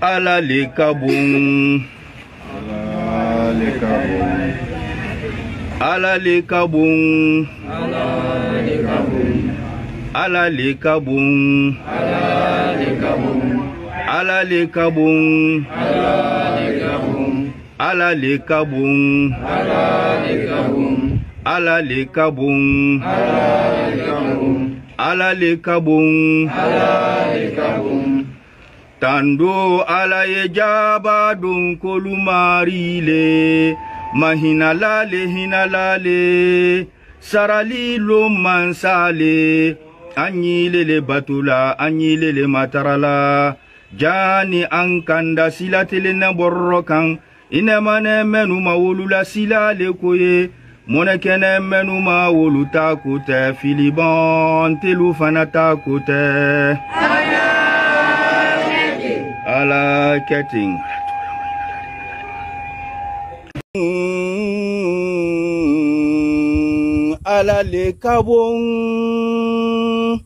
Ala le ka bon. Ala le ka bon. Ala le ka bon. Ala le ka bon. Ala le ka bon. Ala le ka bon. Ala le ka bon. Ala le ka bon. Ala le ka bon. Ala le ka bon. ala le ka bon ala le ka bon tando ala ye jaba donkolu mari le mahinala le hinala le sarali lo mansa le an yile le batula an yile le matarala jani an kanda silatele na borrɔ kan i nɛma nɛ mɛnu ma wolula sila le ko ye mɔnɛkɛnɛ mɛnnu ma wolu filibon ko tɛ telu fana ala keting. ala le kabong. bon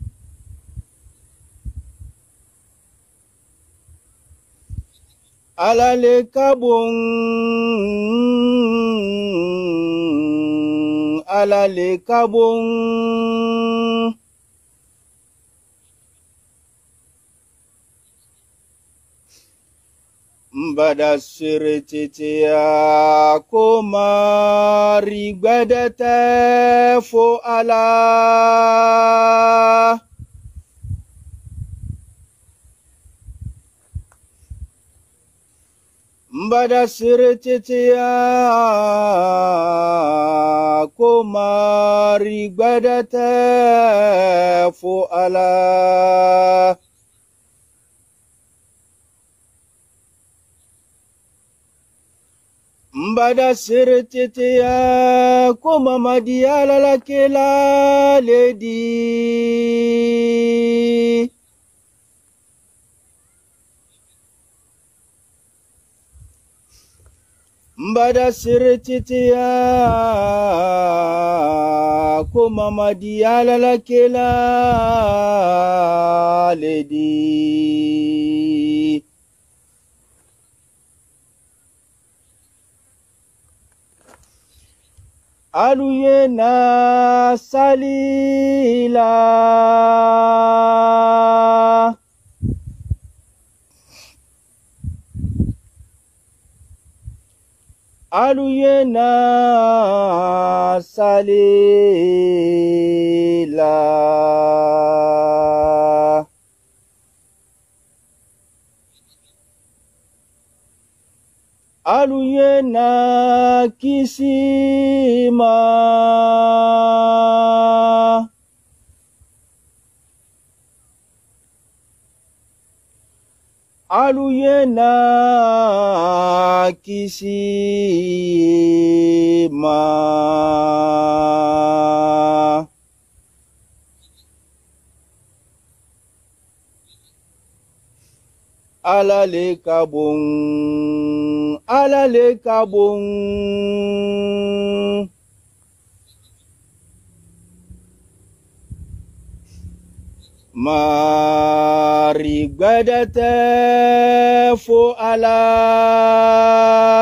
ala le kabong. alale kabon mbada sere tete ya koma rigbadete fo ala bada sere komari bada te fo ala Mbada sere tete ya ko ala la di. mbada siretiteya komamadi la ledi aluye na salila alu yena salila alu yena kisima aluyena kisima alale ka alale ka ma Arigwadata fo Allah.